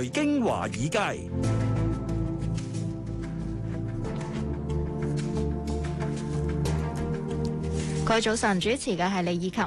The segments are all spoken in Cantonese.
財經華爾街，佢早晨主持嘅係李以琴。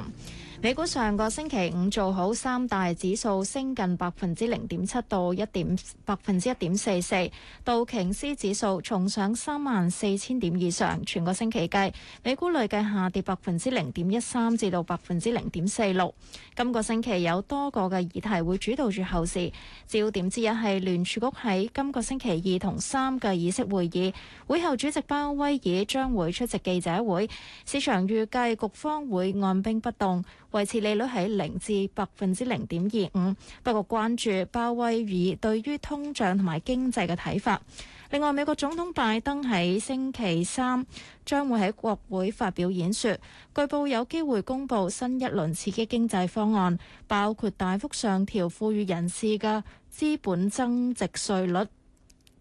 美股上個星期五做好，三大指數升近百分之零點七到一點百分之一點四四。道瓊斯指數重上三萬四千點以上，全個星期計，美股累計下跌百分之零點一三至到百分之零點四六。今個星期有多個嘅議題會主導住後市。焦點之一係聯儲局喺今個星期二同三嘅議息會議，會後主席鮑威爾將會出席記者會，市場預計局方會按兵不動。維持利率喺零至百分之零點二五，不過關注鮑威爾對於通脹同埋經濟嘅睇法。另外，美國總統拜登喺星期三將會喺國會發表演說，據報有機會公布新一輪刺激經濟方案，包括大幅上調富裕人士嘅資本增值稅率，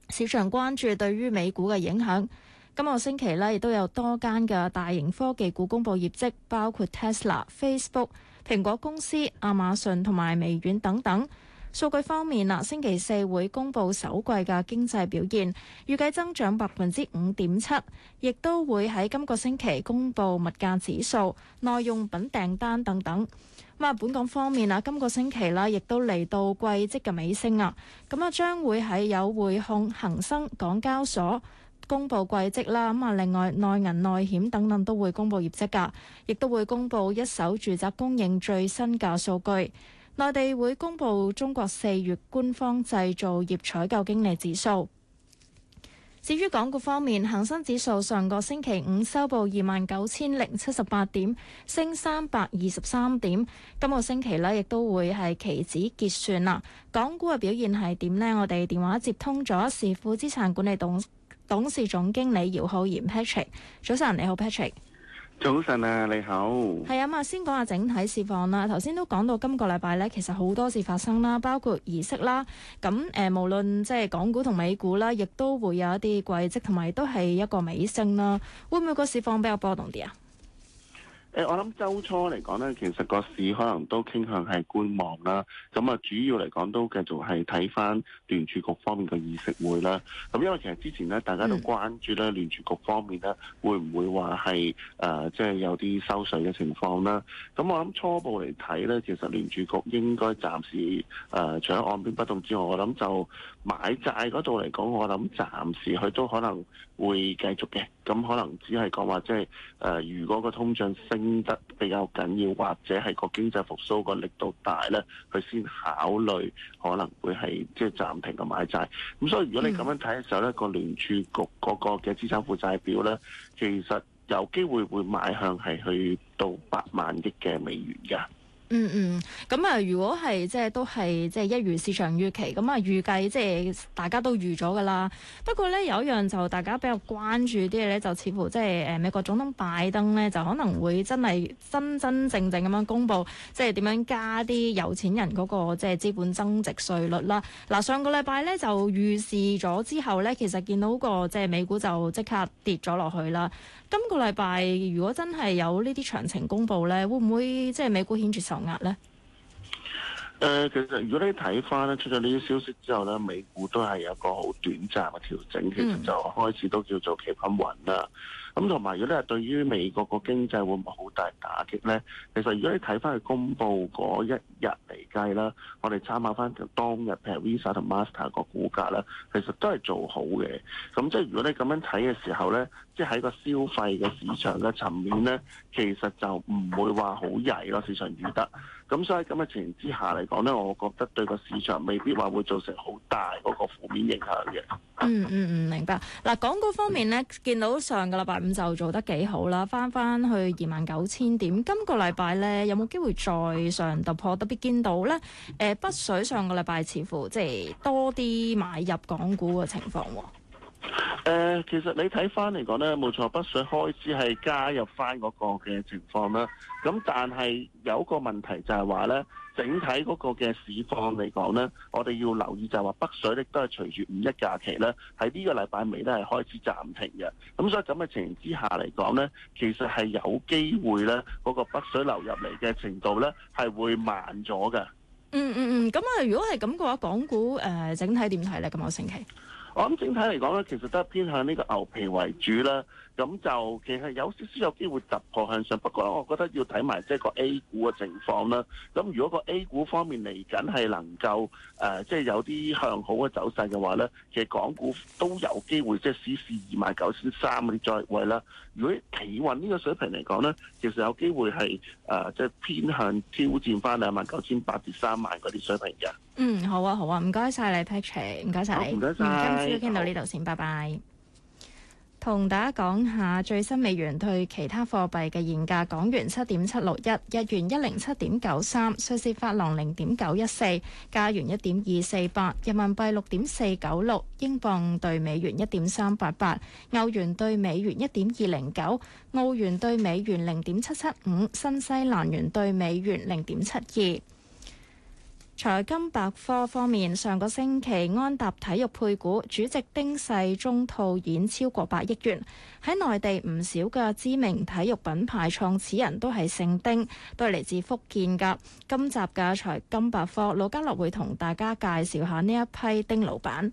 市場關注對於美股嘅影響。今個星期呢，亦都有多間嘅大型科技股公佈業績，包括 Tesla、Facebook、蘋果公司、亞馬遜同埋微軟等等。數據方面啊，星期四會公佈首季嘅經濟表現，預計增長百分之五點七，亦都會喺今個星期公佈物價指數、耐用品訂單等等。咁啊，本港方面啊，今、今個星期咧，亦都嚟到季績嘅尾聲啊，咁啊，將會喺有匯控、恒生、港交所。公布季績啦，咁啊，另外內銀、內險等等都會公布業績噶，亦都會公布一手住宅供應最新嘅數據。內地會公布中國四月官方製造業採購經理指數。至於港股方面，恒生指數上個星期五收報二萬九千零七十八點，升三百二十三點。今個星期咧，亦都會係期指結算啦。港股嘅表現係點咧？我哋電話接通咗，時富資產管理董。董事總經理姚浩然 Patrick，早晨你好 Patrick。早晨啊，你好。係啊，咁啊先講下整體市況啦。頭先都講到今個禮拜咧，其實好多事發生啦，包括儀式啦。咁誒、呃，無論即係港股同美股啦，亦都會有一啲季績，同埋都係一個尾聲啦。會唔會個市況比較波動啲啊？誒，我諗週初嚟講咧，其實個市可能都傾向係觀望啦。咁啊，主要嚟講都繼續係睇返聯儲局方面嘅議息會啦。咁因為其實之前咧，大家都關注咧聯儲局方面咧，會唔會話係誒，即係有啲收水嘅情況啦。咁我諗初步嚟睇咧，其實聯儲局應該暫時誒、呃，除咗按兵不動之外，我諗就買債嗰度嚟講，我諗暫時佢都可能會繼續嘅。咁可能只係講話，即係誒如果個通脹升得比較緊要，或者係個經濟復蘇個力度大咧，佢先考慮可能會係即係暫停嘅買債。咁所以如果你咁樣睇嘅時候咧，嗰個聯儲局個個嘅資產負債表咧，其實有機會會買向係去到八萬億嘅美元㗎。嗯嗯，咁、嗯、啊，如果係即係都係即係一如市場預期，咁啊預計即係大家都預咗噶啦。不過呢，有一樣就大家比較關注啲嘢呢，就似乎即係誒美國總統拜登呢，就可能會真係真真正正咁樣公布，即係點樣加啲有錢人嗰個即係資本增值稅率啦。嗱，上個禮拜呢，就預示咗之後呢，其實見到個即係美股就即刻跌咗落去啦。今個禮拜如果真係有呢啲詳情公布呢，會唔會即係美股顯著受壓呢？誒、呃，其實如果你睇翻咧，出咗呢啲消息之後呢，美股都係有一個好短暫嘅調整，其實就開始都叫做企返穩啦。咁同埋，如果咧對於美國個經濟會唔會好大打擊咧？其實如果你睇翻佢公布嗰一日嚟計啦，我哋參考翻當日譬如 Visa 同 Master 個股價咧，其實都係做好嘅。咁即係如果你咁樣睇嘅時候咧，即係喺個消費嘅市場嘅層面咧，其實就唔會話好曳咯，市場預得。咁所以咁嘅情形之下嚟講呢，我覺得對個市場未必話會造成好大嗰個負面影響嘅。嗯嗯嗯，明白。嗱，港股方面呢，見到上個禮拜五就做得幾好啦，翻翻去二萬九千點。今個禮拜呢，有冇機會再上突破？特別見到呢，誒、呃，北水上個禮拜似乎即係多啲買入港股嘅情況喎。誒、呃，其實你睇翻嚟講咧，冇錯，北水開始係加入翻嗰個嘅情況啦。咁但係有一個問題就係話咧，整體嗰個嘅市況嚟講咧，我哋要留意就係話北水亦都係隨住五一假期咧，喺呢個禮拜尾咧係開始暫停嘅。咁所以咁嘅情形之下嚟講咧，其實係有機會咧，嗰個北水流入嚟嘅程度咧係會慢咗嘅、嗯。嗯嗯嗯，咁、嗯、啊，如果係咁嘅話，港股誒、呃、整體點睇咧？咁個星期？我諗、嗯、整體嚟講咧，其實都係偏向呢個牛皮為主啦。咁就其實有少少有機會突破向上，不過我覺得要睇埋即係個 A 股嘅情況啦。咁如果個 A 股方面嚟緊係能夠誒，即、呃、係、就是、有啲向好嘅走勢嘅話咧，其實港股都有機會即係試試二萬九千三嗰啲在位啦。如果企穩呢個水平嚟講咧，其實有機會係誒，即、呃、係、就是、偏向挑戰翻兩萬九千八至三萬嗰啲水平嘅。嗯，好啊，好啊，唔該曬你 Patrick，唔該曬你，今朝都傾到呢度先，拜拜。同大家講下最新美元對其他貨幣嘅現價，港元七點七六一，日元一零七點九三，瑞士法郎零點九一四，加元一點二四八，人民幣六點四九六，英鎊對美元一點三八八，歐元對美元一點二零九，澳元對美元零點七七五，新西蘭元對美元零點七二。財金百科方面，上個星期安踏體育配股，主席丁世忠套現超過百億元。喺內地唔少嘅知名體育品牌創始人都係姓丁，都係嚟自福建㗎。今集嘅財金百科，盧嘉樂會同大家介紹下呢一批丁老闆。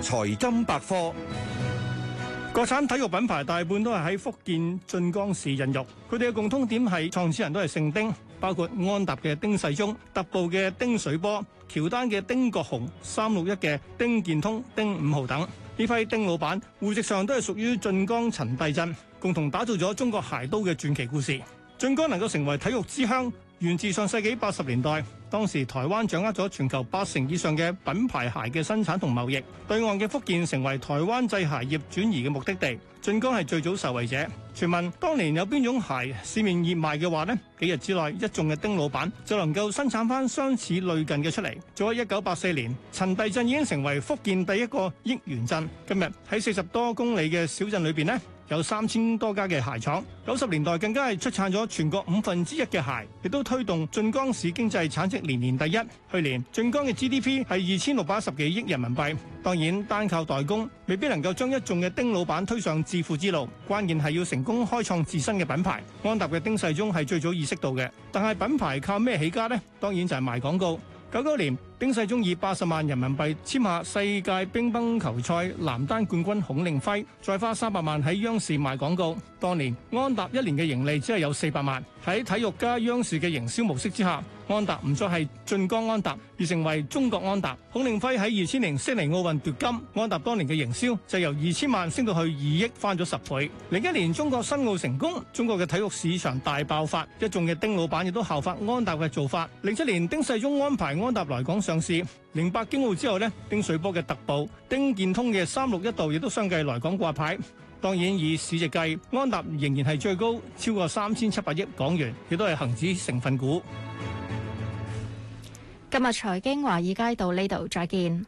財金百科。國產體育品牌大半都係喺福建晉江市孕育，佢哋嘅共通點係創始人都係姓丁，包括安踏嘅丁世忠、特步嘅丁水波、喬丹嘅丁國雄、三六一嘅丁建通、丁五號等。呢批丁老闆戶籍上都係屬於晉江陳埭鎮，共同打造咗中國鞋都嘅傳奇故事。晉江能夠成為體育之鄉，源自上世紀八十年代，當時台灣掌握咗全球八成以上嘅品牌鞋嘅生產同貿易，對岸嘅福建成為台灣製鞋業轉移嘅目的地，晉江係最早受惠者。傳聞當年有邊種鞋市面熱賣嘅話呢，幾日之內一眾嘅丁老闆就能夠生產翻相似類近嘅出嚟。早喺一九八四年，陳埭鎮已經成為福建第一個億元鎮。今日喺四十多公里嘅小鎮裏邊呢。有三千多家嘅鞋廠，九十年代更加係出產咗全國五分之一嘅鞋，亦都推動晉江市經濟產值年年第一。去年晉江嘅 GDP 係二千六百十幾億人民幣。當然，單靠代工未必能夠將一眾嘅丁老闆推上致富之路，關鍵係要成功開創自身嘅品牌。安踏嘅丁世忠係最早意識到嘅，但係品牌靠咩起家呢？當然就係賣廣告。九九年。丁世忠以八十萬人民幣簽下世界乒乓球賽男單冠軍孔令輝，再花三百萬喺央視賣廣告。當年安踏一年嘅盈利只係有四百萬。喺體育加央視嘅營銷模式之下，安踏唔再係晉江安踏，而成為中國安踏。孔令輝喺二千年悉尼奧運奪金，安踏當年嘅營銷就由二千萬升到去二億，翻咗十倍。零一年中國申奧成功，中國嘅體育市場大爆發，一眾嘅丁老闆亦都效法安踏嘅做法。零七年丁世忠安排安踏來港。上市，零八京澳之後呢，丁水波嘅特步、丁建通嘅三六一度亦都相繼來港掛牌。當然以市值計，安踏仍然係最高，超過三千七百億港元，亦都係恒指成分股。今日財經華爾街到呢度再見。